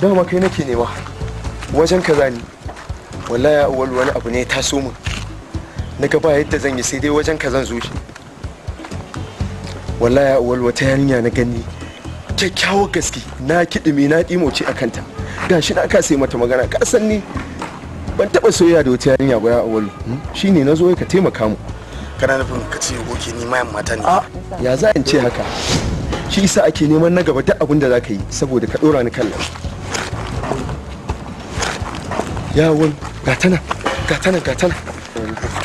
dama kai nake nema wajen kaza ne wallahi awwal wani abu ne ta so min na ba yadda zan yi sai dai wajen zo shi wallahi awwal wata yarinya na gani kyakkyawar gaske na kiɗime na ɗimoce a kanta gashi na ka sai mata magana ka san ni ban taɓa soyayya da wata yarinya ba awwal hmm? shine na zo ka taimaka mu kana nufin ka ce goke ni mayan mata ne ya za in ce haka shi isa ake neman na gaba duk abin da za ka yi saboda ka ɗora ni kan nan yawon gatana gatana gatana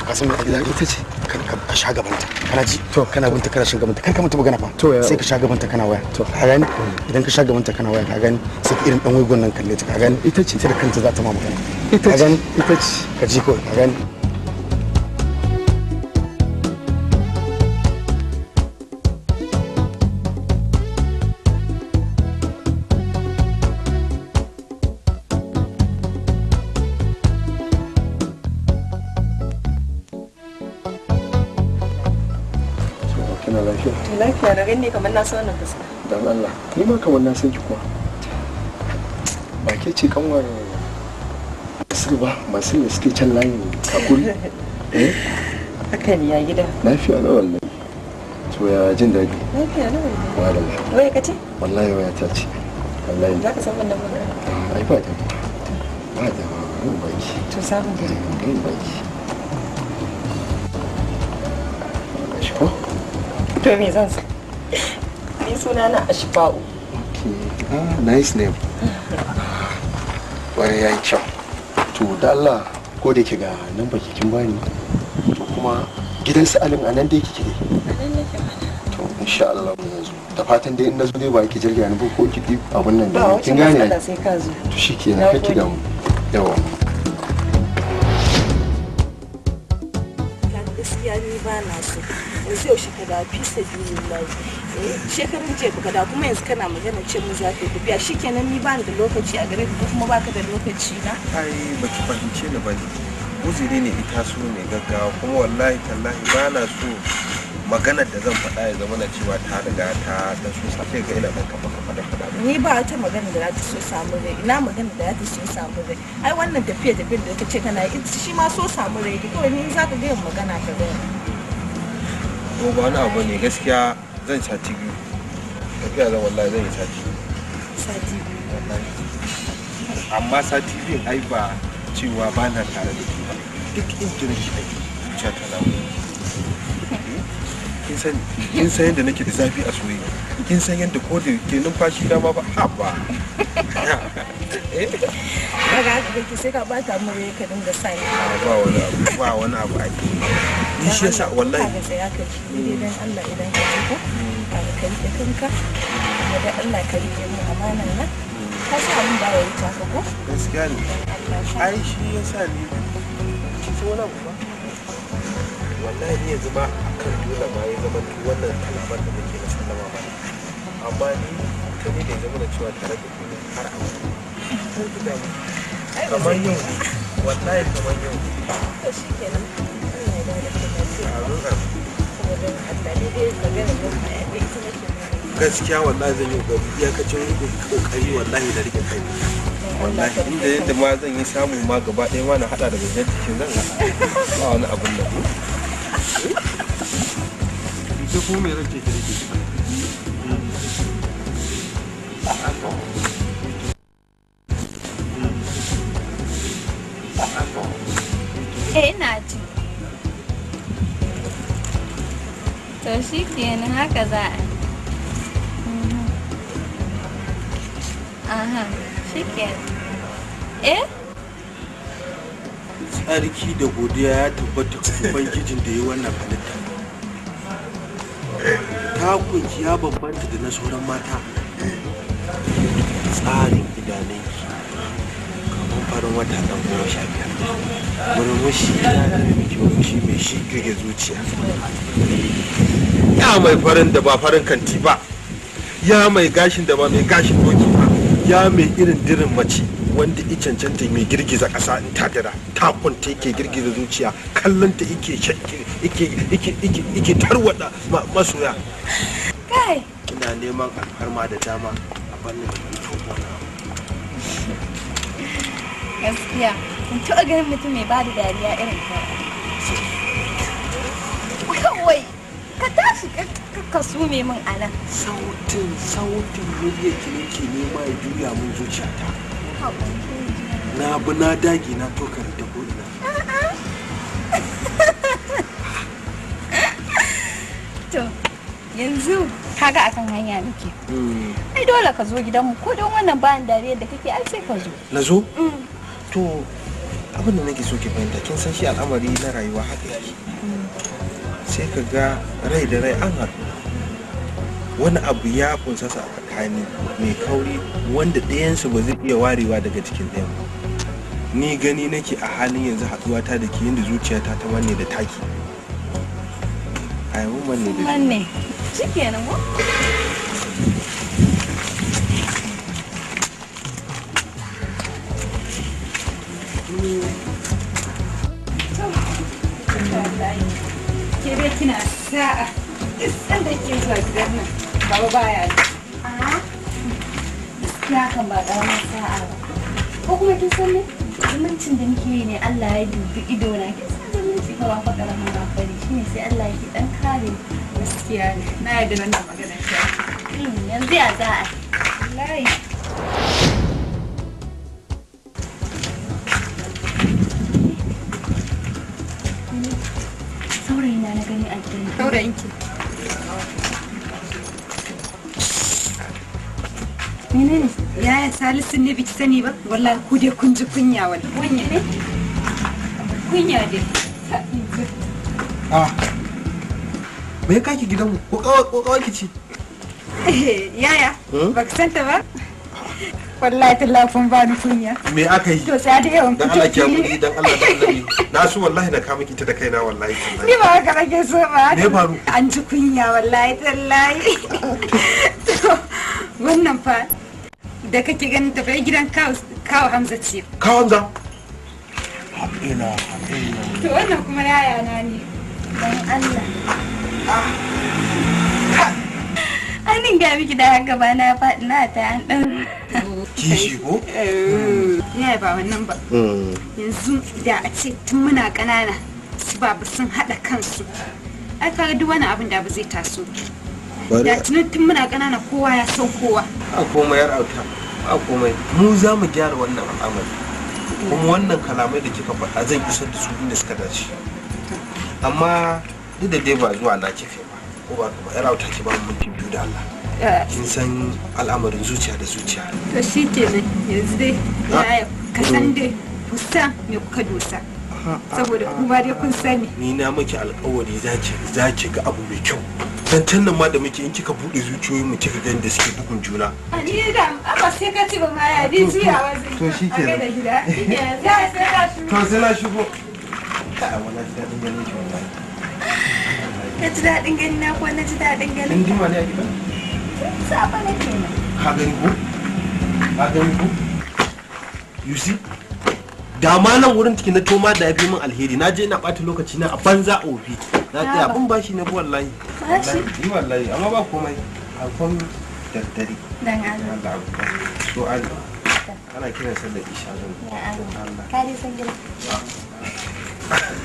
kasan ita ce kan ka sha gabanta kana ji to kana binta kana shan gabanta kan ka mutu magana fa to sai ka sha gabanta kana waya to ka gani idan ka sha gabanta kana waya ka gani sai irin dan waigon nan kalle ta ka gani ita ce ta kanta za ta ma magana ita ce ita ce ka ji ko ka gani ya ne gani kamar na san wannan fuska dan Allah ni ma kamar na san ki kuma ba ke ce kanwar Masir ba Masir da suke can layin kakuri eh haka ne ya gida lafiya na wallahi to ya jin daɗi lafiya na wallahi wallahi waya kace wallahi waya ta ce wallahi za ka san wannan magana ah, ai ba da ba da ba ki to samu gari eh, ba ki To me zan sa? ni suna na Ashfa'u. Ah, nice name. Wani yayi kyau. To da Allah ko da ke ga nan ba bani. To kuma gidan su a nan dai kike ne. To insha Allah mu yanzu. Da fatan dai in na zo dai ba ki jirga ni ba ko ki bi abun nan da kin gane. Ba sai ka zo. To kake da mu. Yawa. Gaskiya ni ba na so. Yanzu yaushe ka da fi shekar ce baka da kuma yanzu kana magana ce mu za ka yi tafiya shikenan ni ba ni da lokaci a gare ka kuma baka da lokaci na ai baki fahimce ni ne. uzuri ne ita su ne gaggawa kuma wallahi tallahi ba na so maganar da zan faɗa ya zama na cewa ta riga ta da su safe ga ina kan kafa kafa da faɗa ni ba wata magana da za ta so samu rai ina magana da za ta so samu rai ai wannan tafiya tafiyar da ka kace kana yi shi ma so samu rai kawai ni za ka ga magana ka ga ba wani abu ne gaskiya zan sati biyu tafiya zan wallahi zan yi sati sati biyu amma sati biyu ai ba cewa ba na tare da ke ba duk inda nake aiki zuciya ta zamu kin san kin san yadda nake da zafi a soyayya kin san yadda ko da ke numfashi da ba ba ha ba daga haka sai ka bata mu ka dinga sai ba wani abu ba wani abu ake ni shi yasa wallahi ka tsaya ka ci dan Allah idan ka ji ko ka ka yi kanka kuma Allah ka rike mu amanan nan ka sa abin da ya wuce ka ko gaskiya ne ai shi yasa ni ki so ba wallahi ni yanzu ma akan dole ma ya zama wannan kalamar da muke na sallama ba amma ni ka ne da zama da cewa tare da ku har abada kamar yau wallahi kamar yau gaskiya wallahi zan yi kokari iyakacin kokari wallahi da rike kai wallahi inda yadda ma zan yi samu ma gaba ɗaya ma na hada da gajen cikin zan ba wani abun da ku ita kuma ki rike kenan haka za a aha eh tsarki da godiya ya tabbata bangijin da ya wannan halitta takunki ya bambanta da na sauran mata tsarin gidanenki farin wata ɗan goma sha biyar murmushi ya nuna miki murmushi mai shi gige zuciya ya mai farin da ba farin kanti ba ya mai gashin da ba mai gashin doki ba ya mai irin dirin mace wanda i cancanta mai girgiza ƙasa in ta dira ta kwanta yake girgiza zuciya kallon ta yake tarwada masoya kai kina neman alfarma da dama a bannin da gaskiya in taɓa ganin mutum mai bada dariya irin ka kawai ka tashi ka sume min a nan sautin sautin muryar ki ne ma ya juya min ta na bi na dage na tokar da ko'ina to yanzu kaga akan hanya nake hmm. ai dole ka zo gidanmu ko don wannan bayan dariyar da kake ai sai ka zo na zo mm. to abin da nake so ki fahimta kin san shi al'amari na rayuwa haka yake sai ka ga rai da rai an haɗu wani abu ya kunsa sa tsakani mai kauri wanda ɗayansu ba zai iya warewa daga cikin ɗayan ni gani nake a halin yanzu haɗuwa ta da ke yadda zuciyata ta wanne da taki a yi manne da shi kina sa'a duk san da ke zuwa gidan nan baba baya ne ya kan ba ƙaramin sa'a ba ko kuma kin san ne zumuncin da muke yi ne Allah ya dubi ido na kin san zumunci ba fa ƙaramin ba fari shine sai Allah ya ki dan kare gaskiya ne na yadda yarda wannan magana ta hmm, yanzu ya za a wallahi o renkli. منين؟ يا سالس النبي تسني بك ولا كودي كنج كنيا ولا كنيا دي كنيا دي اه me ya kaki gidanmu ko kawai ki ce yaya ba ka santa ba wallahi tallahi kun ba ni kunya me aka yi to sai da yawan dan Allah ki hakuri dan Allah da annabi na su wallahi na kama ki ta da kaina wallahi ni ba haka nake so ba me faru an ji kunya wallahi tallahi wannan fa da kake ganin tafiya gidan kawo hamza ce kawo hamza to wannan kuma yaya na ne dan Allah ah. hannun ga miki da haka ba na faɗi na ta yan ɗan kishi ko? Eh, ya ba wannan ba hmm. yanzu da a ce tun muna ƙanana su ba ba sun haɗa kansu ai kaga duk wani abin da ba zai taso da tunan tun muna ƙanana kowa ya san kowa a komai yar auta a komai mu za mu gyara wannan al'amari kuma wannan kalamai da kika faɗa zan isar da su inda suka dace amma duk da dai ba zuwa na kife ba ko ba yar auta ki ba mu minti da Allah kin san al'amarin zuciya da zuciya to shi ke nan yanzu dai ka san mm. dai kusa kuka dosa saboda kuma dai kun sani ni na miki alƙawari zaki ga abu mai kyau zancen nan ma da muke in kika buɗe zuciyoyin mu kika gani da suke bugun juna ni da amma sai ka ba ma ya bi to shi ke to sai na shigo ganin ki na ji daɗin gani na ko na ji daɗin gani in dima ne a gidan saba na kenan ka gani ko ka gani ko you see da ma nan wurin ciki na toma da ya fi min alheri na je na ɓata lokaci na a banza a ofi na tsaya abin bashi ne wallahi yi wallahi amma ba komai a kwan daddare dan Allah so Allah ana kiran sallar isha zan Allah ka dai san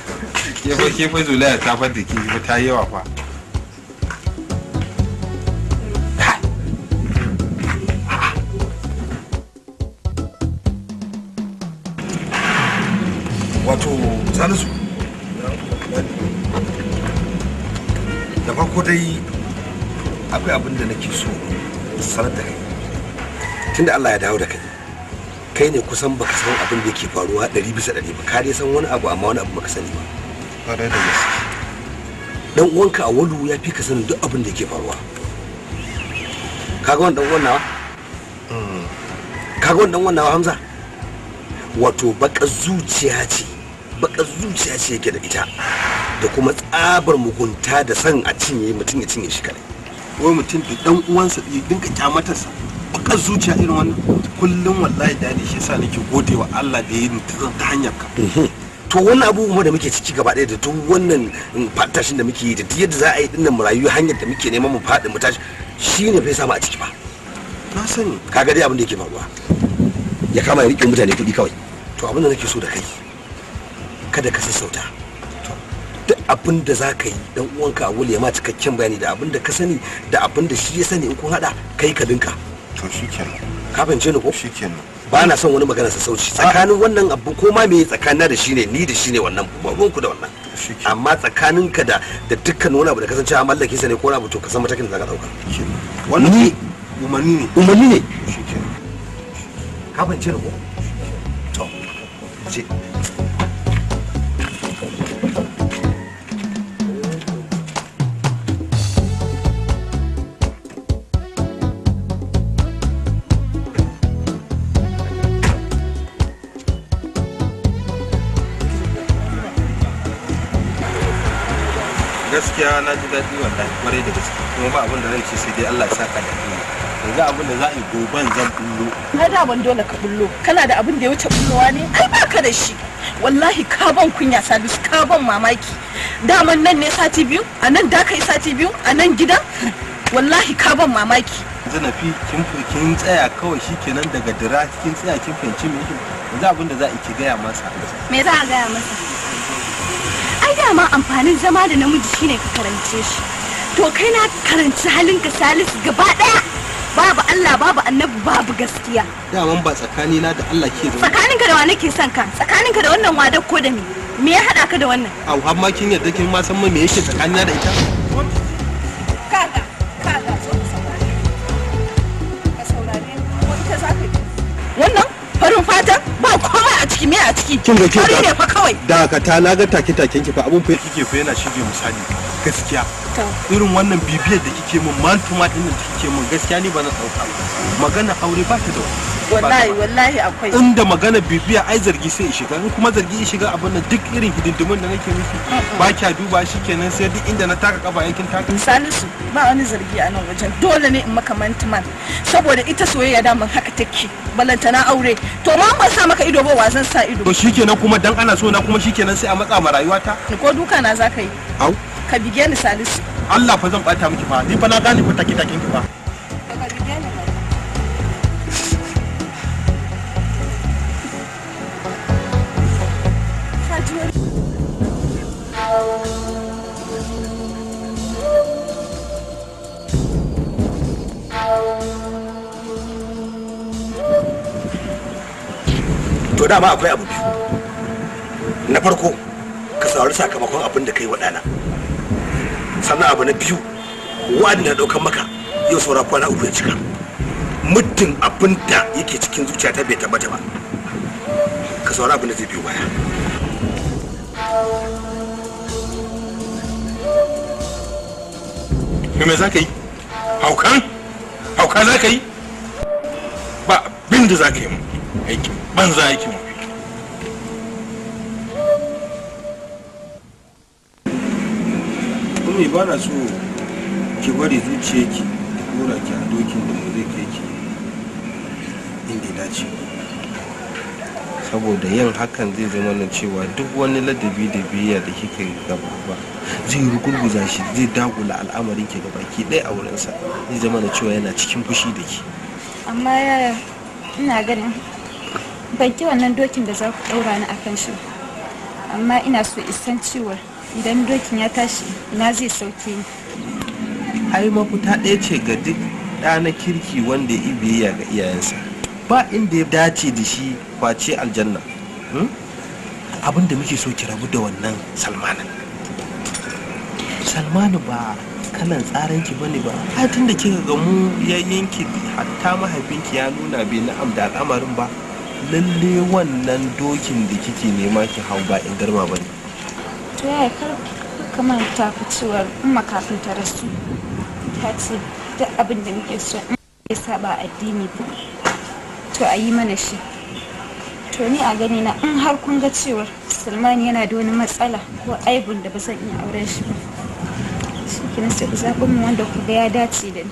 kefa kefa zulaya ta fadda ke ba ta yawa fa wato salisu da farko dai akwai abin da nake so sanar da kai tunda Allah ya dawo da kai kai ne kusan baka san abin da yake faruwa ɗari bisa ɗari ba ka dai san wani abu amma wani abu baka sani ba kwarai da gaske dan uwanka a wadu ya fi ka sani duk abin da yake faruwa kaga wannan dan uwan hmm. kaga wannan Hamza wato baka zuciya ce baka zuciya ce yake da ita da kuma tsabar mugunta da san a cinye mutum ya cinye shi kadai wai mutum da dan uwansa ya dinka kyamatarsa baka zuciya irin wannan kullum wallahi dadi shi yasa nake godewa Allah da ya yi ta hanyar ka mhm. to wannan abubuwa da muke ciki gaba ɗaya da duk wannan mm, fatashin da muke yi da duk yadda za a yi dinnan rayu hanyar da muke neman mu faɗi mu tashi shine bai samu a ciki ba na sani kaga dai abin da yake faruwa ya kama ya rike mutane kuɗi kawai to abin da nake so da kai kada ka sassauta duk abin da za ka yi dan uwanka a wuli ya ma cikakken bayani da abin da ka sani da abin da shi ya sani in kun haɗa kai ka dinka to shikenan ka fahimce ni ko shikenan ba na son wani magana sa sauci tsakanin wannan abu ko ma me tsakanin da shi ne ni da shi ne wannan babban ku da wannan amma tsakanin ka da da dukkan wani abu da kasance a mallake sa ne ko abu to ka san matakin da zaka dauka wannan ni umarni ne umarni ne ka bance da ko to gaskiya na ji daɗi wallahi kwarai da gaske kuma ba abin da zan ci sai dai Allah ya saka da ni yanzu abin da za a yi goban zan bullo Na da ban dole ka bullo kana da abin da ya wuce bullowa ne ai baka da shi wallahi ka ban kunya sabis ka ban mamaki daman nan ne sati biyu a nan da kai sati biyu a nan gidan wallahi ka ban mamaki yanzu na fi kin tsaya kawai shikenan daga dira kin tsaya kin fahimci me yake yanzu abin da za a ki gaya masa me za a gaya masa dama amfanin zama da namiji shine ka karance shi to kai na karanci halinka salis gaba daya babu Allah babu annabi babu gaskiya daman ba tsakani na da Allah ke zama tsakaninka da wa nake son ka tsakaninka da wannan wadar ko da me me ya hada ka da wannan au amma kin yadda kin ma san me yake tsakanina da ita kaga kaga ka saurare wanda zaka wannan farin fata ba komai a ciki me a ciki kin da ke da kawai dakata na ga take taken ki fa abun fa kike fa yana shige misali gaskiya irin wannan bibiyar da kike mun man to man din da kike mun gaskiya ni ba na dauka magana aure ba ta da wani wallahi wallahi akwai inda magana bibiya ai zargi sai shiga in kuma zargi shiga abin nan duk irin hidindimin da nake miki ba kya duba shi kenan sai duk inda na taka kafa yakin taka salisu ba wani zargi a nan wajen dole ne in maka mantuman saboda ita soyayya man haka take balanta na aure to ma ban sa maka ido ba wazan sa ido to shikenan kuma dan ana so na kuma shikenan sai a matsa ma rayuwata ko duka na zaka yi au ka bige ni salisu Allah fa zan bata miki fa ni fa na gane fa take takin ki fa to dama akwai abu biyu na farko ka saurari sakamakon abin da kai waɗana sannan abu na biyu wani na ɗaukan maka yau saura kwana uku ya cika muddin abin da yake cikin zuciya ta bai tabbata ba ka saurari abin da zai biyo baya me za ka yi haukan hauka za ka yi ba bin da za ka yi aiki ban za aiki mu Umi ba na so ki bari zuciyarki ki dora ki a dokin da zai kai saboda yin hakan zai zama na cewa duk wani ladabi da biyayya da kika gaba ba zai rugurguza shi zai dagula al'amarin ki ki ɗaya a wurinsa zai zama na cewa yana cikin fushi da ki amma yaya ina ganin ban ki wannan dokin da za ku daura ni akan shi amma ina so isan cewa idan dokin ya tashi ina zai sauke ni ai mafita ɗaya ce ga duk ɗa na kirki wanda ya biyayya ga iyayensa ba inda ya dace da shi face aljanna hmm? abin da muke so ki rabu da wannan salmana salmanu ba kalan tsaranki ba ne ba hatin da kika mu ya yanki hatta mahaifinki ya nuna bai na'am da al'amarin ba lalle wannan dokin da kike nema ki hau ba in garma ba ne to yaya kar kamar ta fi cewa umma kafin ta rasu ta ce duk abin da muke so in ya saba addini ba to a yi mana shi to ni a gani na in har kun ga cewar sulmani yana da wani matsala ko aibun da ba zan iya aure shi ba shi kina sai ku zaɓi mu wanda ku ya dace da ni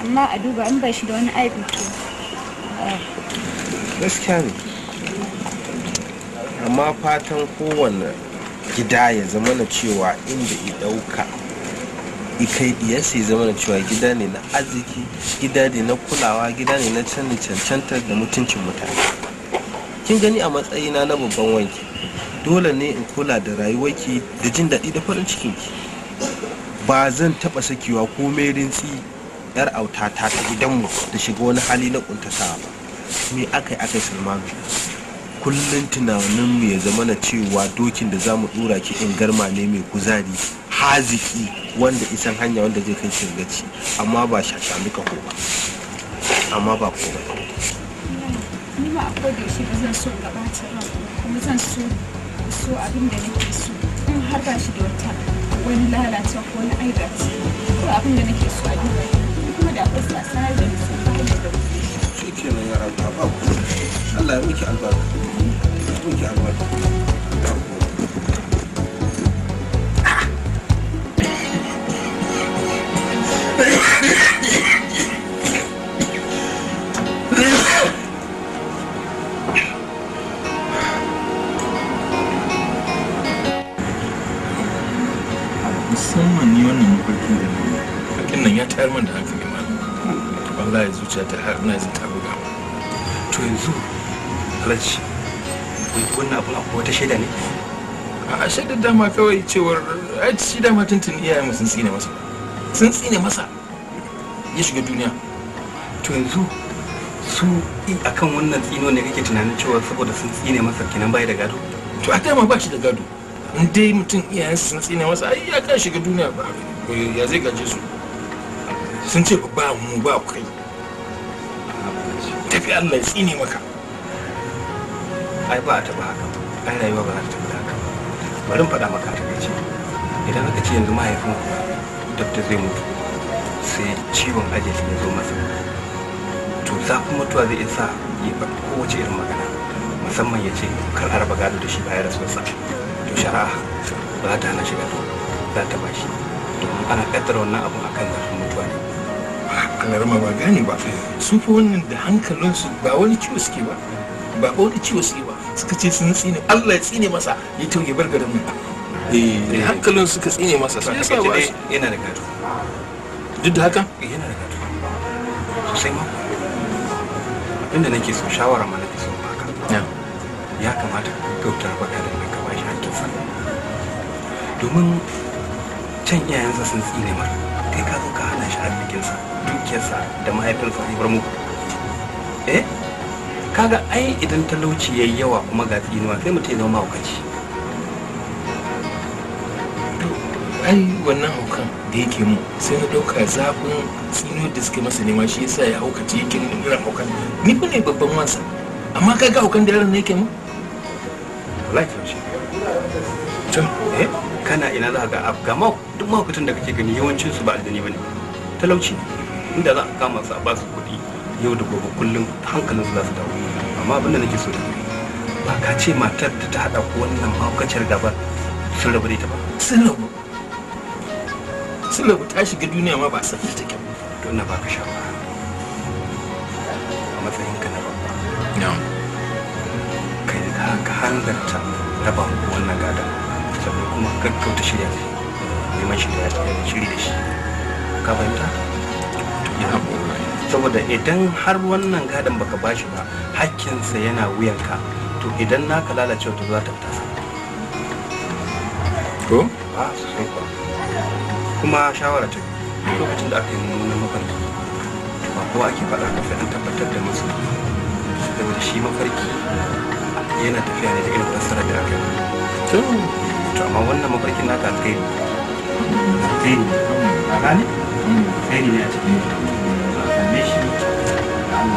amma a duba in ba shi da wani aibu to ah. gaskiya ne amma fatan kowanne gida ya zama na cewa inda i ɗauka ikai diyarsa ya zama cewa gida ne na arziki gida ne na kulawa gida ne na canza cancantar da mutuncin mutane kin gani a matsayina na babban wanki dole ne in kula da rayuwarki da jin daɗi da farin cikinki ba zan taɓa sakewa ko rintsi yar autata ta gidanmu da shiga wani hali na ƙuntatawa ba me aka yi aka yi kullum tunaninmu ya zama na cewa dokin da zamu dura ki in garma ne mai kuzari haziki wanda isan hanya wanda zai kai shi amma ba shashami ka ko ba amma ba ko ba ni ma akwai da shi ba zan so ga bacin ran kuma zan so so abin da nake so in har ba shi da wata wani lalata ko wani aida ko abin da nake so a duniya kuma da akwai sasa da su ba da shi kenan yara ta ba Allah ya miki albarka kuke albarka musamman ni wannan mafarkin da ne mafarkin nan ya tayar man da hankali malam wallahi zuciya ta har na ta buga to yanzu wannan abun akwai wata shaida ne a shaida dama kawai cewar a shi dama tuntun iyayen sun tsine masa sun tsine masa ya shiga duniya to yanzu su akan wannan tsino ne kake tunanin cewa saboda sun tsine masa kenan bai da gado to a dama ba shi da gado in dai mutum iyayen sun tsine masa ai ya kan shiga duniya ba eh, ya zai gaje su sun ce ba mu ba kai tafi Allah ya tsine maka ai ba a taɓa haka ai rayuwa ba za ta taɓa haka bari in faɗa maka ta ce idan aka ce yanzu mahaifin dabta zai mutu sai ciwon ajali ya zo masa to ku mutuwa zai iya sa ya ba kowace irin magana musamman ya ce kar a raba gado da shi bayan rasuwarsa to shari'a ba za ta hana shi gado za ta ba shi domin ana ƙaddara wannan abun kan zafin mutuwa ne alarma ba gane ba su fi wannan da hankalinsu ba wani ciwo suke ba ba wani ciwo suke ba suka ce sun tsine Allah ya tsine masa ya tauye bar garin mu eh, eh hankalin suka tsine masa sai yasa ba yana da gado duk da haka eh, yana da gado sosai ma abinda nake so shawara mana nake so baka ya kamata ka kautar baka da ka ba shi hakkinsa domin can iyayensa sun tsine mar kai ka zo ka hana shi arzikinsa dukiyarsa da mahaifinsa ya bar muku eh kaga ai idan talauci yayi yawa kuma ga tsinuwa sai mutum ya zama mahaukaci ai wannan haukan da yake mu sai na dauka zafin tsinuwar da suke masa nema shi yasa ya haukace yake nuna haukan ni fa ne babban wansa amma kaga haukan da yaron ne yake mu wallahi shi to eh kana ina za ka ga afgama duk mahaukatan da kake gani yawancin su ba aljani bane talauci inda za a kama su a basu yau da gobe kullum hankalin za su dawo amma abinda nake so da ba ka ce matar da ta haɗa ku wannan mahaukaciyar gabar sun rabu da ita ba sun rabu sun rabu ta shiga duniya ma ba a sanda take ba to ina baka shawara a matsayin ka na babba kai ka ka hanzarta ku wannan gada sannan kuma gaggauta shirya neman shirya shiri da shi ka fahimta to ina saboda idan har wannan gadon baka bashi ba hakkinsa yana wuyanka to idan naka lalace to za ta fita a ah, kuma shawara ta lokacin da aka yi mafarki ba kowa ake faɗa ka sai tabbatar da masa saboda shi mafarki yana tafiya ne da irin fassara da aka yi to amma wannan mafarkin naka kai ne a gane mm. ne a cikin yau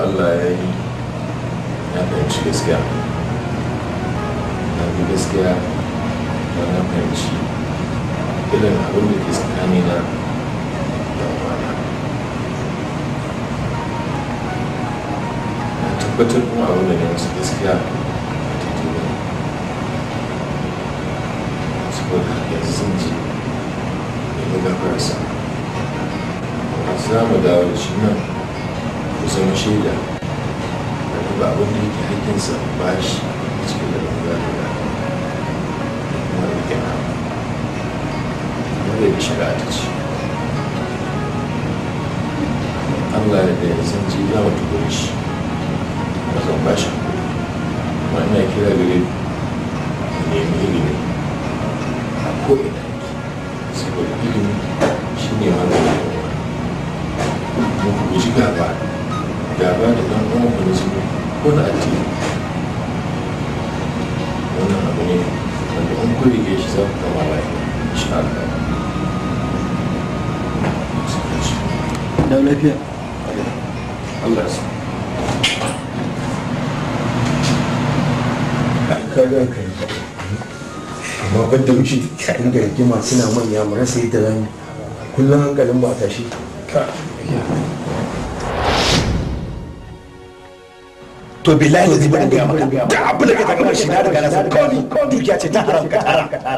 allah ya yi na fahimci gaskiya na bi gaskiya da na fahimci irin abin da ke na tabbatar kuma abin da ne musu gaskiya saboda yanzu sun ji da gafararsa za mu dawo da shi nan ku zama shaida da duba abin da yake haƙƙinsa ba shi cikin da ba da ba kuma da yake nan kuma da shari'a ta ce Allah ya da yanzu ji za mu tuba shi kan ba shi wannan kira gare nemi ilimi a saboda ilimi shi ne guji gaba gaba da ɗan na ko da wannan abu ne wanda an kuri shi da lafiya Allah ka ga amma ban da wuce in da rigima suna manya mu rasa yadda zan kullum hankalin ba tashi to ne zai bari ga da abu da ka taɓa shi na riga na kawai dukiya ce ta haram ka tara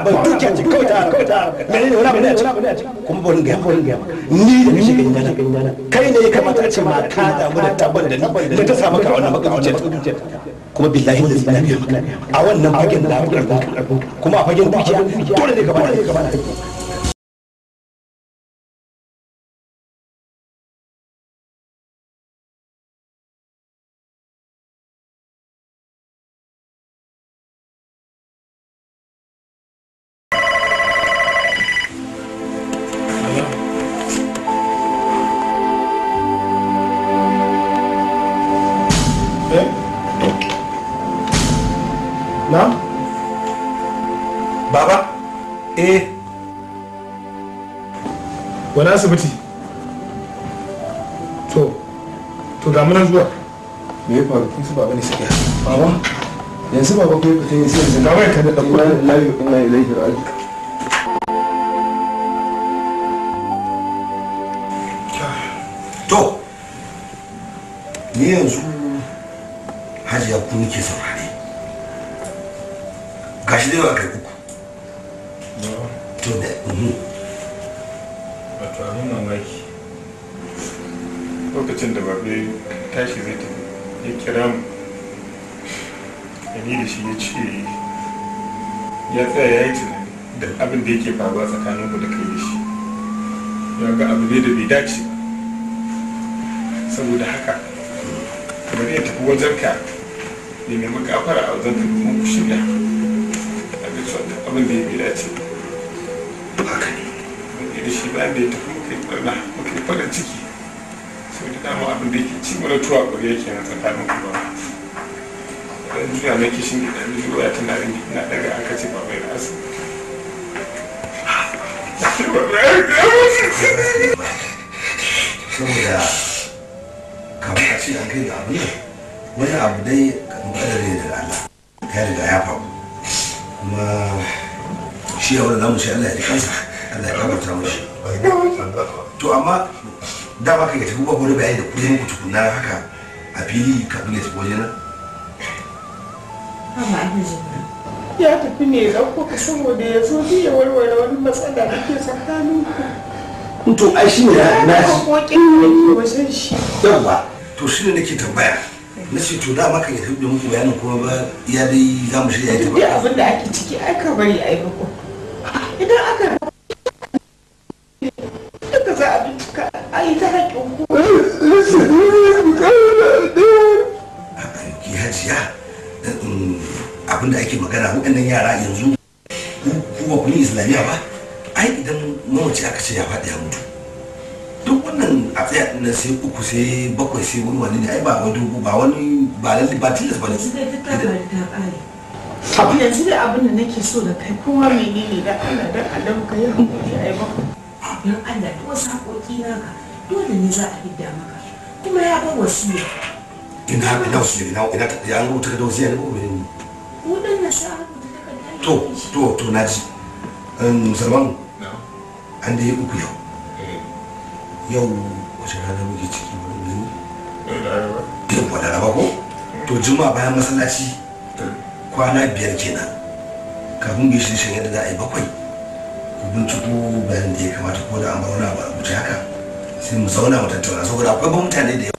wani abu dukiya kawai ta kawai ta menene wani abu ne kuma borin ga borin ga ni da nake ganin nan kai ne ya kamata a ce ma ka da mu da tabban da ni da ta samu ka wannan maka zuciya kuma billahi da zina biya maka a wannan fagen da abu karfin kuma a fagen dukiya dole ne ka bada na asibiti to to ga mana zuwa me ya faru kun su baba ne suke baba yanzu baba ko ya fita yanzu yanzu ga wai ka da ɗauko layu ina ilaihi raji to ni yanzu hajiya ku nake saurare gashi dai ba kai ya kira mu yani da shi ya ce ya tsaya ya yi tunani da abin da yake faruwa tsakanin ku da kai da shi ya ga abu ne da bai dace saboda haka kuma ya tafi wajenka ne mai makafara a wajen domin ku shirya a ga abin da ya bai dace haka ne da shi bayan da ya tafi muka yi barna muka yi farin ciki dama abin da yake ci mana tuwa ƙwari yake na tsakanin ku ba dan juya na kishin gida ne zuwa tana na daga aka ce ba bai rasu saboda kamar a ce an kai da abu ne wani abu dai kamar kadare da Allah ya riga ya faru kuma shi yawon da za mu shi Allah ya ji kansa Allah ya kamata mashi to amma da ba ka ga tafi wani bayani da kuɗin ku na haka a fili kafin ya tafi wajena ya tafi ne da kuka saboda ya zo zai ya warware wani matsala da ke tsakanin ku to ai shi ne na ji wajen shi yawa to shi ne nake tambaya na ce to da ka ya tafi muku bayanin kuma ba ya dai za mu shirya ta ba abin da ake ciki ai ka bari ai ba idan aka siya eh, abinda ake magana waɗannan yara yanzu eh, kuma kun yi islamiyya ba ai idan mamaci aka ce ya faɗi ya mutu duk wannan a tsaya na sai uku sai bakwai sai wani wani ne ai ba wani dubu ba wani ba lalli ba tilas ba ne abu yanzu da abin da nake so da kai kowa menene da Allah dan Allah ka yi hakuri ai ba dan Allah duk wasu hakoki naka dole ne za a hidda maka kuma ya ga wasiya ina su ina ina da wasiya ne ko menene to to to na ji an yi yau eh. yau da ko eh. to bayan masallaci eh. kwana biyar kena kafin gishin shan yadda a yi bakwai ku binciko ya kamata ko da an a wuce haka sai mu zauna mu tattauna saboda mutane da yawa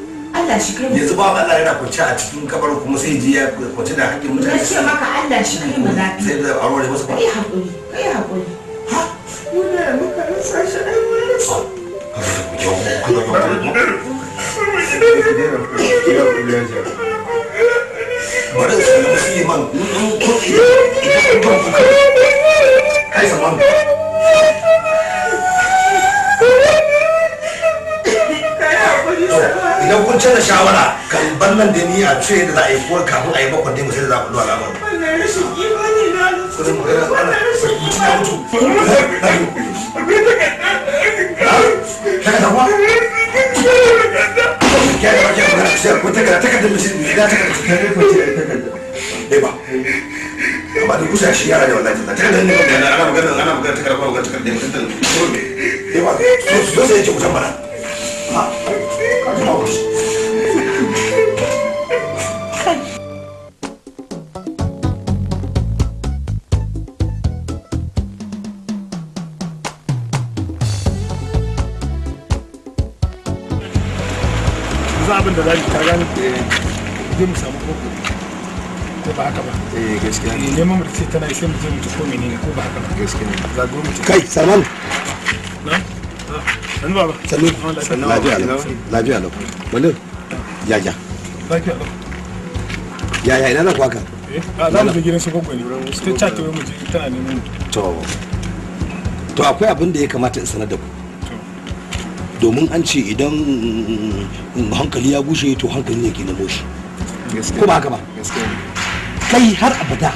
Allah shi kai yanzu ba Allah yana kwace a cikin kabar kuma sai ji ya kwace da hakkin mutane na ce maka Allah shi kai maza sai da aure masa kai hakuri kai hakuri ha mun da muka rasa shi ai mun rasa yi kai saman wuce da shawara kan ballan da ni a ce da za a yi kuwa kafin a yi bakon dai da za ku duwa labarin. Wannan na na Kada Kada ta ta kada ta ta ta ba. da kusa shi yara da wallahi ta kada ne magana ana magana ana magana ta kada magana ta kada dai ba. Dai ba. Dole sai ya ce ku bana. Ha. 看这老师。da za ta gani zai eh, mu samu ko ko ba haka ba eh gaskiya ne eh, neman mu ce tana sai mu je mu ci ko menene ko ba haka ba gaskiya ne za go mu ci kai salman na ah, an baba sallu ah, lafiya lafiya lafiya wani ya ya ya ya ina na kwaka eh ah, za mu je gidan su koko ne ta cata wai mu je tana neman to to akwai abin da ya kamata in sanar da ku domin an ce idan hankali ya gushe to hankali ne ke nemo shi ko ba haka ba kai har abada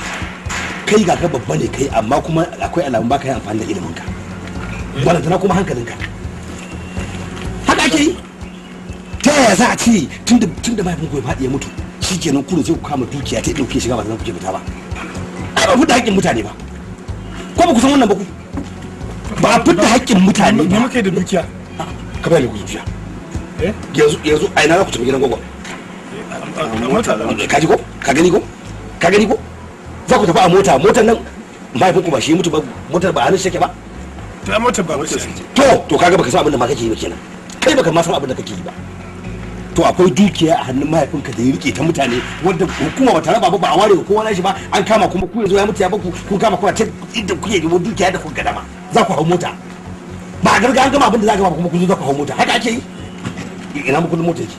kai ga ka babba ne kai amma kuma akwai alamun baka yi amfani da ilimin ka balantana kuma hankalinka haka ake yi ta yaya za a ce tun da mahaifin kuma ya ya mutu shi kenan kurin sai ku kama dukiya ta ɗauke shiga ba zan kuke fita ba ai ba da haƙƙin mutane ba ko ba ku san wannan ba ku ba fita haƙƙin mutane ba muke da dukiya ka bai ku zuciya eh? yanzu yanzu a ina ku tafi gidan gogo ka ko ka gani ko ka gani ko za ku tafi a mota motar nan mahaifinku ba shi mutu ba motar ba hannun shi ba ta motar ba motar to to kaga baka san abin da ma kake yi ba kenan kai baka ma san abin da kake yi ba to akwai dukiya a hannun mahaifinka da ya rike ta mutane wanda hukuma ba tare ba ba a ware kowa shi ba an kama kuma ku yanzu ya mutu ya baku kun kama kuma ta inda kuke dukiya da kun gadama za ku hau mota ba a garga gama abin da za a gama kuma ku zo za ku mota haka ake yi ina mu mota yake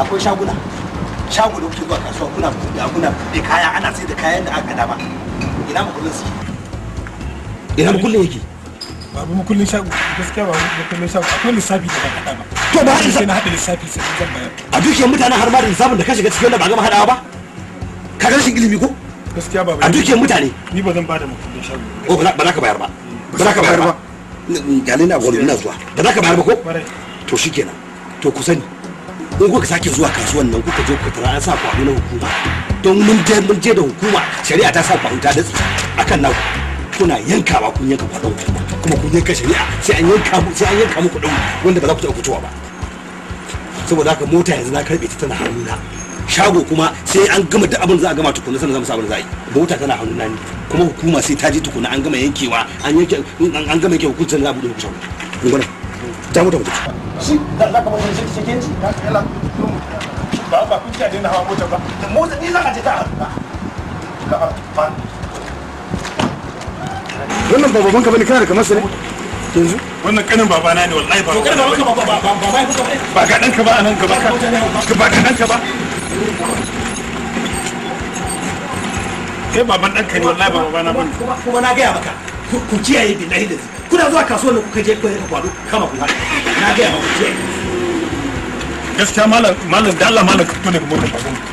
akwai shaguna kuke zuwa kasuwa kuna kuna kaya ana sai da kayan da aka dama ina su ina mu kullum yake babu mukullin shago gaskiya babu mukullin shago akwai lissafi da ba ba to ba hada sai na hada lissafi sai zan bayar a dukiyar mutane har ma da lissafin da ka shiga cikin wanda ba gama hadawa ba ka ga rashin ilimi ko gaskiya ba a dukiyar mutane ni ba zan bada mukullin shago ba za ka bayar ba ba za ka bayar ba gane na gwani ina zuwa ba za ka bayar ba ko to shikenan to ku sani in kuka sake zuwa kasuwan nan kuka je kuka an sa kwado na hukuma don mun je mun je da hukuma shari'a ta sa kwado ta datsi akan naku kuna yanka ba kun yanka kwaɗon kuma kun yanka shari'a sai an yanka mu sai an yanka mu kudin wanda ba za ku taɓa fitowa ba saboda haka mota yanzu na karbe ta tana hannu na shago kuma sai an gama duk abin za a gama tukuna sannan zamu sa abin za a yi mota tana hannu na ne kuma hukuma sai ta ji tukuna an gama yankewa an yanke an gama yanke hukuncin za a buɗe hukuncin ungwana ta mota mutu shi da za ka mota shi cikin ji ka kala ba ba kuka daina hawa mota ba mota ni za ka je ta hannu na ka ba wannan ba babanka bane kana da kamar sa ne yanzu wannan kanin na ne wallahi ba to kanin babanka ba ba ba ba ga danka ba anan gaba ka ba ga danka ba kai baban danka ne wallahi ba na bane kuma na gaya maka ku kiyaye billahi da kuna zuwa ne kuka je ku yi kwado kama ku na gaya maka kiyaye gaskiya malam malam da Allah malam ka fito daga motar babanka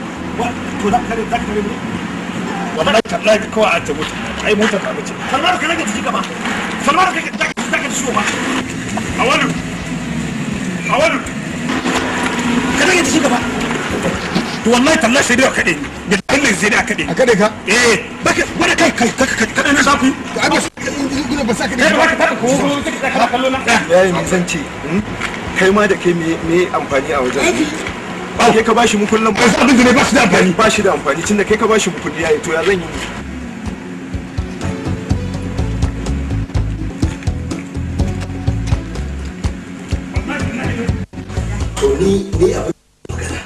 ba to za ka za ka kawai a ta mutu ai mota bace salma ka rage jiki gaba salma ka ta ta ka ciwo ba a wani, ka rage jiki gaba to wallahi tallahi sai dai kade, dai da dalilin sai dai a kade. A kade ka eh baka wani kai kai ka kai. dai na zafi ka ga gina ba sa ka dai ka ta ko ka kallo na yayi mun san kai ma da kai me amfani a wajen kai ka bashi mu kullum ba abin da ne ba shi da amfani ba shi da amfani tunda kai ka bashi mu kuɗi yayi to ya zan yi to ni ne abin magana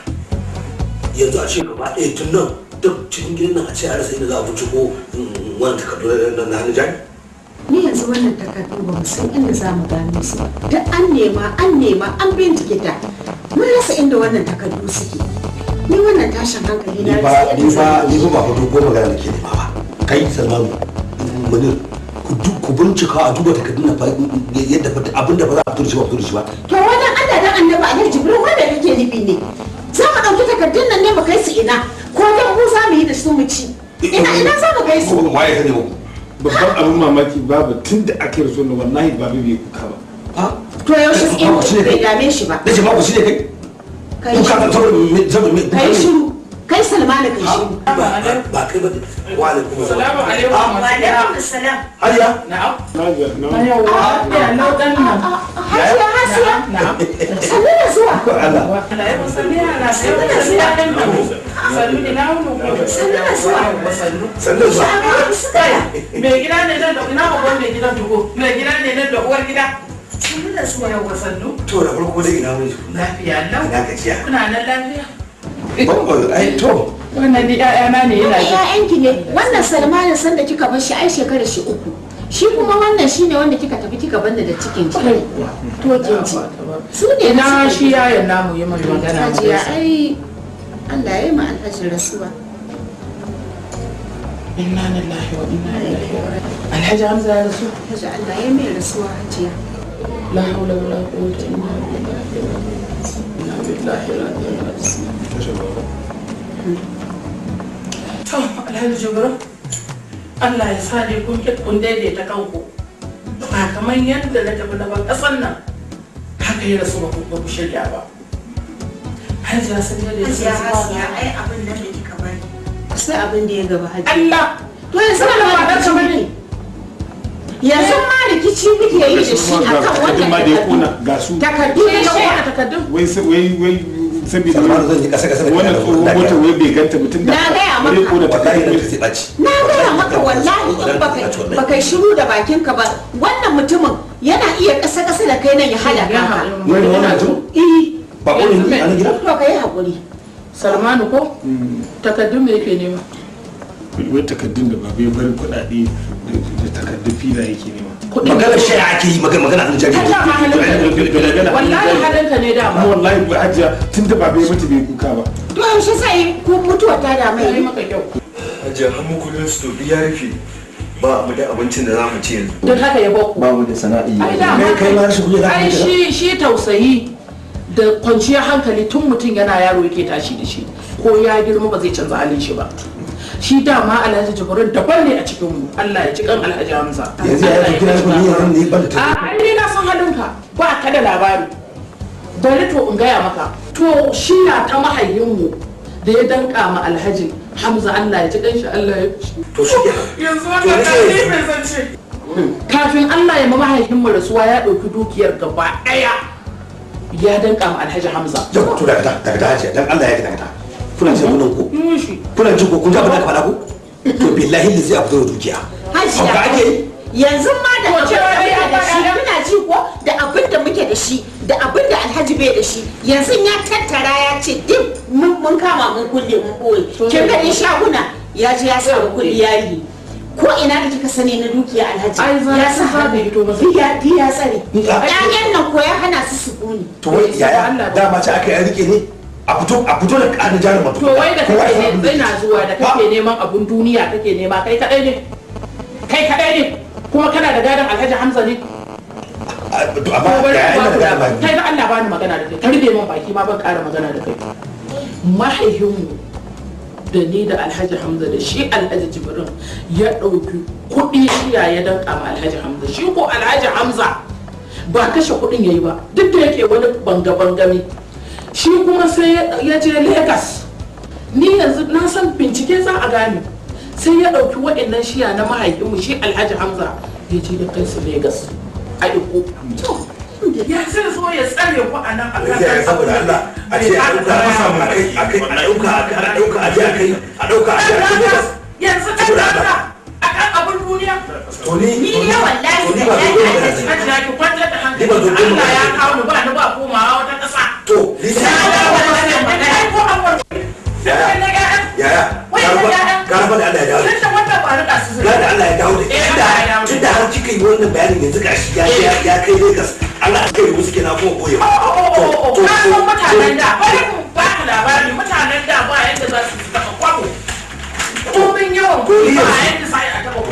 yanzu a ce gaba ɗaya tun nan duk cikin gidan nan a ce a rasa inda za a fi ko mm, wani takardu na hannun jari ni yanzu wannan takardu ba mu san inda za mu gano su duk an nema an nema an bincike ta mun rasa inda wannan takardu suke ni wannan tashin hankali na ba ni ba ni ba hudu goma ga nake nema ba kai salmanu munir ku duk ku bincika a duba takardun na yadda abin da ba za a fito shi ba fito da shi ba to wannan Allah dan annabi Alhaji Jibril wanda kake nufi ne za mu dauki takardun nan ne mu kai su ina ko dan mu za mu yi da su mu ci ina ina za mu kai su waye ne babban abin mamaki babu tun da aka yi rasuwa wallahi babu bai kuka ba. To yaushe eh, in bai dame shi ba. da ce babu shi ne kai? kuka ta kai shiru kai salmana kai shiru ba kai ba wa alaikum salamu alaikum wa alaikum salam hariya ah, ah, ah, na'am na'am ya nau dan nan hasiya hasiya na'am sallu da zuwa ko Allah Allah ya musalli ala da zuwa dan nan sallu da nawo sallu da zuwa sallu sallu zuwa mai gida ne nan da ina uwar mai gidan dugo mai gida ne nan da uwar gida Sun da zuwa yau sannu? To da farko dai ina mun jikuna. Lafiya lau. Ina gajiya. Kuna nan lafiya? Bango ai to. Wannan ni ƴaƴana ne yana ji. ƴaƴanki ne. Wannan Salmanin sanda kika bar shi ai shekarar shi uku. Shi kuma wannan shine ne wanda kika tafi kika banda da cikin ki. To kin Su ne na shi yayan namu yi mai magana. Hajiya ai Allah ya yi ma alhaji rasuwa. Inna lillahi wa inna ilaihi raji'un. Alhaji Hamza ya rasu? Alhaji Allah ya mai rasuwa hajiya. la inna billahi radiyan azim to alhaji jogoro Allah ya sa dai kun kun daidaita kanku ba kamar yadda na tafi na ban kasan nan haka ya rasu ba ku shirya ba hajiya sun daidaita kanku ai abin nan da kika bari sai abin da ya gaba hajiya ba da kamar yanzu ma rikici muke yi da shi akan wannan takardu takardu ne ya takardu wai wai wai kasa kasa wannan tsohon mota wai bai ganta mutum da na gaya maka ko da ne sai na gaya maka wallahi in baka baka shiru da bakin ka ba wannan mutumin yana iya kasa kasa da kai nan ya hada ka wani yana to eh ba ko ne an gida to kai hakuri salmanu ko mm. takaddu me yake nema wai takardun da babu ya bari kuɗaɗe da takardun fila yake nema maganar shaya ake yi magana magana an jari wallahi halinka ne dama kuma wallahi ba ajiya tun da babu ya mutu bai kuka ba to yaushe sai ku mutuwa ta dama ya yi maka kyau ajiya hannu kullum su tobi ya rufe ba mu da abincin da zamu ci yanzu don haka ya bakku ba mu da sana'i kai kai ma shi kuke da ai shi shi tausayi da kwanciyar hankali tun mutum yana yaro yake tashi da shi ko ya girma ba zai canza halin shi ba shi dama alhaji jibrin daban ne a cikin mu Allah ya ci kan alhaji Hamza yanzu ya kira ku ni yaron ne ban ta a ni na san halin ka ba ka da labari bari to in gaya maka to shi na ta mahaiyin mu da ya danka ma alhaji Hamza Allah ya ci kan shi Allah ya to yanzu wannan ne mai zance kafin Allah ya ma mahaihin mu rasuwa ya dauki dukiyar gaba daya ya danka ma alhaji Hamza to daga daga daga dan Allah ya daga daga kuna ce munan ko kuna ji ko kun ji abin da ka faɗa ko to billahi lizi a fito da dukiya hajiya ake yanzu ma da abin da shi kuna ji ko da abin da muke da shi da abin da alhaji bai da shi yanzu ya tattara ya ce duk mun kama mun kulle mun boye kin ga shaguna ya je ya samu kulli yi ko ina da kika sani na dukiya alhaji ya sa harbe fito ba biya biya tsare ƴaƴan nan ko ya hana su sukuni to wai yaya dama ce aka yi rike ne a fito a fito da ƙarin jarin mutum to wai da kake ne ina zuwa da kake neman abun duniya kake nema kai kadai ne kai kadai ne kuma kana da gadon alhaji hamza ne to amma da ya yi da kai da Allah bani magana da kai ka rube min baki ma ban ƙara magana da kai mahaihinmu da ni da alhaji hamza da shi alhaji jibrin ya ɗauki kuɗi shiya ya danka ma alhaji hamza shi ko alhaji hamza ba kashe kuɗin ya yi ba duk da yake wani banga-bangami shi kuma sai ya je lagos ni yanzu na san bincike za a gane sai ya ɗauki waɗannan shiya na mahaifinmu shi alhaji hamza ya je da kai su lagos a iko ya zai zo ya tsare ku a nan a kan ya Allah a ce a ɗauka a samu a kai a ɗauka a ɗauka a je a kai a ɗauka a a kan abun duniya to ni ni ne wallahi ya ka ci hajjira ki ni da hankali Allah ya kawo ni ba ni ba komawa wata kasa ni na da wannan da ko ni warke ya ya garba da ni ya dawo da wannan ba ni ya dawo da eh, tunda tunda har kika yi wannan bayanin yanzu gashi ya ya kai Lagos ni ya kai musu kenan ko ni ba to to to mutanen ni ba ku ba ku labari mutanen da ba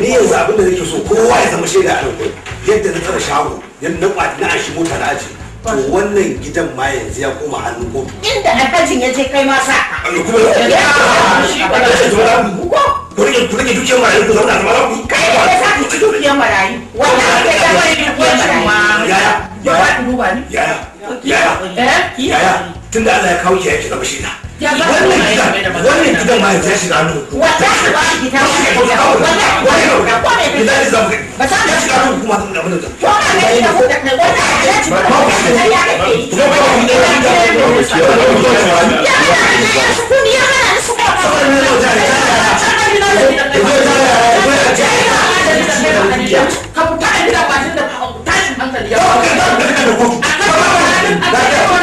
ni yanzu abin da nake so kowa ya zama shaida a nan yadda na tsara shago yadda na kwati na ashi mota na aji to wannan gidan ma yanzu ya koma hannun kotu inda alhajin ya je kai ma kuma ya shi ba da shi zuwa ko ku rike ku rike dukiyar marayu ku zauna zama ku kai ba ka saki dukiyar marayu wannan ke da bari dukiyar marayu yaya eh? tunda Allah ya kawo ki ya kira da wannan gidan wannan gidan ma ya shiga hannu wallahi ba ki ta wallahi Ba ko ne gidan da zamu gani ba ta da shiga hannu kuma mun da mun da ko ne da ku da ne wallahi ya ci ba ko ne ya ba ko ba ku da ne da ku ne ya ga ba ko ba ne da da ka fita da batin da ka hankali ya ka da da ku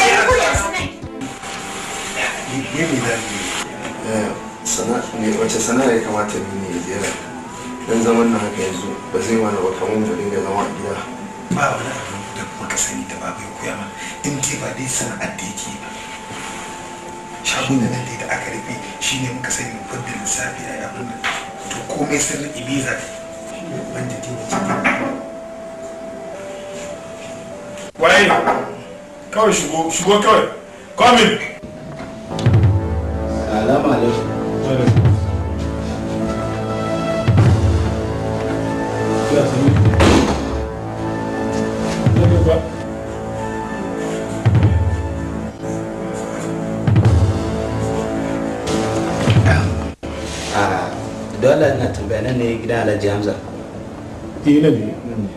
gini za ki eh, wace sana'a ya kamata ni ne ziyara dan zaman na haka yanzu ba zai wani ba kamar mu dinga zama a gida ba wani abu da kuma ka sani da babu ya koya ma in ke ba dai sana'ar da yake ba shagunan nan dai da aka rufe shine muka sani mu fadda lissafi a abin nan to komai sirri ibiza wanda ke wace waye kawai shigo shigo kawai komin gidan alhaji hamza eh nan ne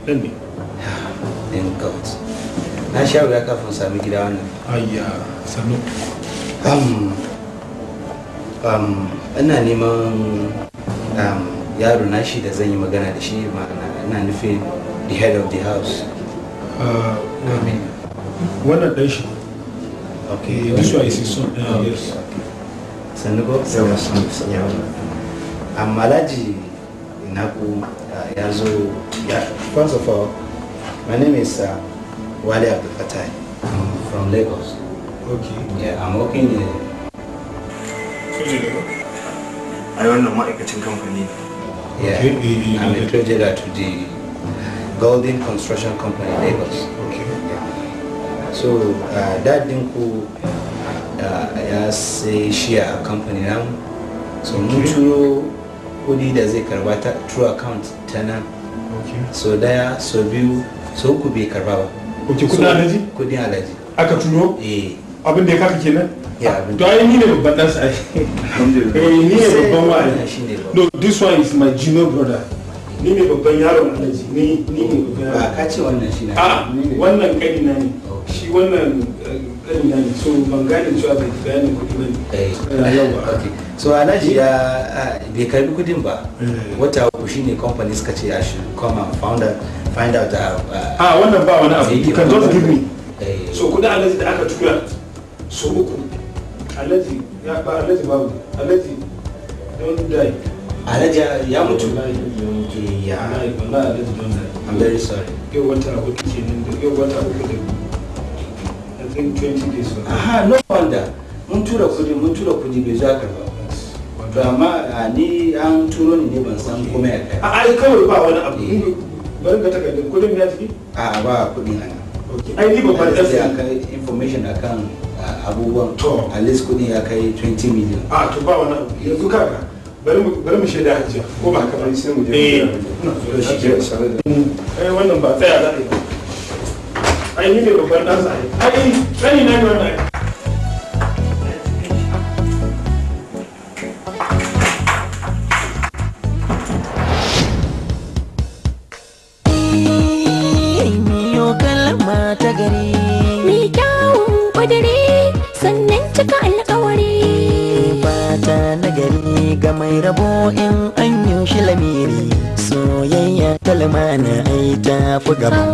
nan ne in na sha wuya kafin sami gida wannan ayya sannu um um ina neman um yaro na shi da zan yi magana da shi ma'ana ina nufin the head of the house uh, wannan dan shi okay this one is son ah, yes sannu go? sannu sannu amma laji naku uh, first of all my name is uh, Wale Abdul Fatai I'm from Lagos okay yeah I'm working in I run a marketing company yeah okay. I'm a treasurer to the Golden Construction Company Lagos okay yeah. so uh, that dinku uh, I say share a company now. so mun kudi da zai karba ta true account ta nan so daya so biyu so uku bai karba ba ok kudin alaji kudin alaji aka turo eh abin da ya kafa kenan ya abin to ai ni ne babban dan sai alhamdulillah eh ni ne babban wa'azi no this one is my junior brother ni ne babban yaron alaji ni ni ne ba ka ce wannan shi na a ah, wannan kadi na ne shi wannan kadi eh, na ne so ban gane cewa bai bayanin kudi ne eh, eh yawa okay so naji ya bai karbi kudin ba eh. wata uku shine company suka ce ya shi come and found out find out a uh, uh, ah wannan ba wani abu you can just give me eh. so kudin alaji da aka tura so uku alaji ya ba alaji ba alaji don dai alaji ya mutu ya alaji don dai i'm very sorry yau wata uku nan da yau wata uku da i think 20 days aha no wonder mun tura kudi mun tura kudi bai zo ka ba to amma ni an turo ni ne ban san kuma ya kai ai kawai ba wani abu eh. bari ka takardun kudin ya tafi a ba kudin ana ai ni babban kasi ya kai information akan abubuwan to at least kudin ya kai 20 million a to ba wani abu yanzu kaka bari mu shaida hajiya ko ba haka bari sai mu je eh. to shi ke ai eh, wannan ba tsaya za a yi ba ai ni ne babban dan sa ai ai tsani na ne wannan Gabão.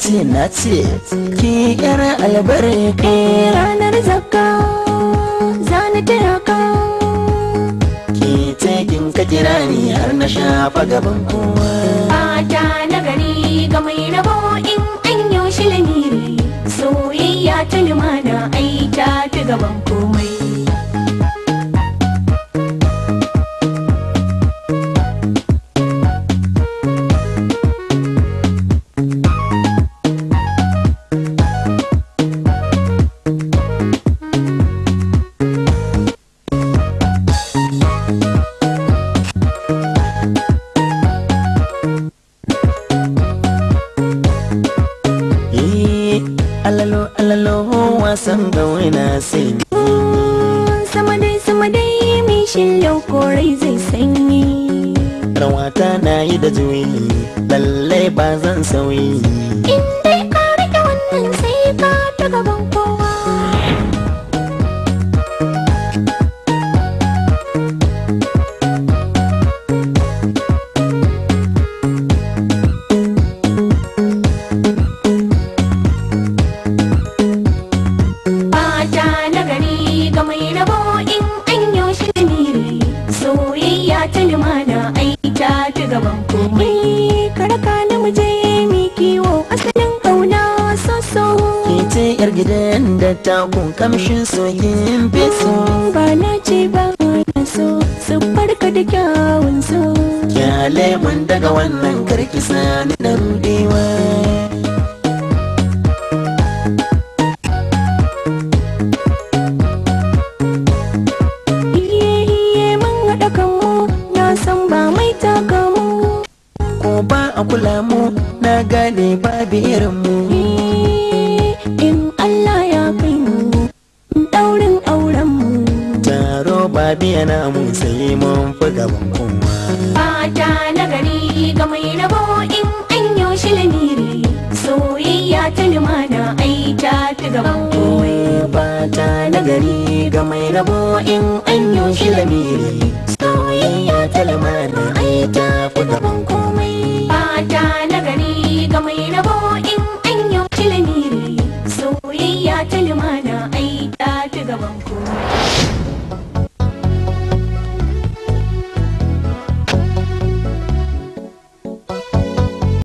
ce na ce ki yar albarka ranar zakka zani taya ki ce kin ka kira ni har na shafa gaban kowa fata na gari ga mai rabo in an yaushe lamiri soyayya ta lumana ai ta fi gaban komai gaban komai karaka na muje mi kiwo asalin kauna soso ce yar gidan da ta kun kamshin soyin feso ba na ce ba na so su farka da kyawun so kyale mun daga wannan karki sani na rudewa